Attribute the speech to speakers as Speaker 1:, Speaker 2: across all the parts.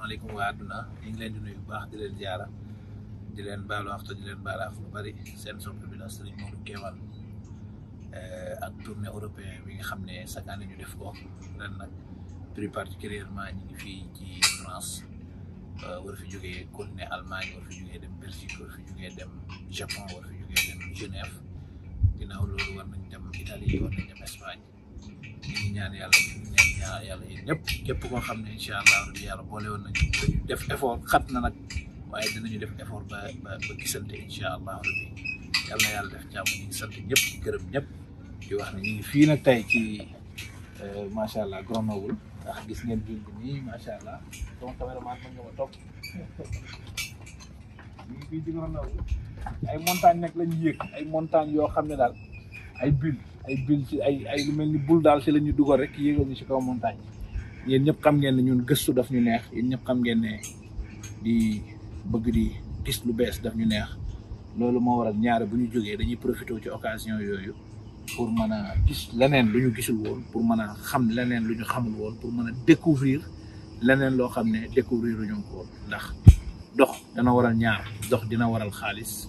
Speaker 1: asalaamaaleykum waa àdduna ñu ngi leen di bu baax di leen jaara di leen baalu àq di leen baal àq lu bari seen sopp bi la Sëriñ Modou Kéwal eh, ak tournée européen bi nga xam ne chaque année ñu def ko ren nag plus particulièrement ñu ngi fii ci France eh, war fi jógee continent Allemagne war fi jógee dem Belgique war fi jógee dem Japon war fi jógee dem Genève ginnaaw loolu war nañ dem Italie war nañ dem Espagne ñu ngi ñaan yàlla. ñaar yàlla yéen ñëpp képp koo xam ne incha allah rabbi yàlla boole woon nañu dañu def effort xat na nag waaye dinañu def effort ba ba ba gisante incha allah yàlla na yàlla def jàmm ñu ngi sant ñëpp di gërëm ñëpp di wax ne fii nag tey ci euh, macha allah Grenoble ndax gis ngeen bind nii macha allah donc cameraman mën nga ay montagne nag la ñu yéeg ay montagne yoo xam ne daal ay bulle ay bil ci ay ay lu melni ni bul daal si la ñu rek yéggal ñu ci kaw montagne yeen ñëpp xam ngeen ni ñun gëstu daf ñu neex yeen ñëpp xam ngeen ne di bëgg di gis lu bees daf ñu neex lolu mo waral ñaar bu ñu joggé dañuy profité ci occasion yoyu pour mëna gis leneen lu ñu gisul woon pour mëna xam leneen lu ñu xamul woon pour mëna découvrir leneen lo xam ne découvrir ñu ko ndax dox dana waral ñaar dox dina waral xaalis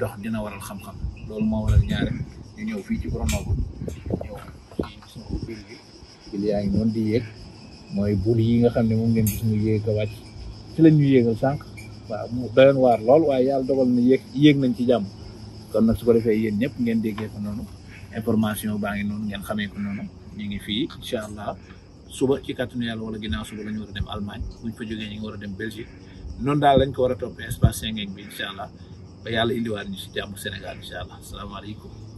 Speaker 1: dox dina waral xam-xam lolu mo waral ñaar ñu ñëw fii ci borom ñëw suñu bil bi bil yaa ngi noonu di yéeg mooy bul yi nga xam ne moom ngeen gis ñu yéeg a wàcc ci lañ ñu yéegal sànq waaw mu doyoon waar lool waaye yàlla dogal na yéeg yéeg nañ ci jàmm kon nag su ko defee yéen ñëpp ngeen déggee ko noonu information baa ngi noonu ngeen xamee ko noonu ñu ngi fii incha allah suba ci kàttanu yàlla wala ginnaaw suba la ñu war a ya, dem Allemagne buñ fa jógee ñu ngi war a dem Belgique noonu daal lañ ko war a toppee espace Schengen bi incha allah ba yàlla indiwaat ñu si jàmm Sénégal incha allah salaamaaleykum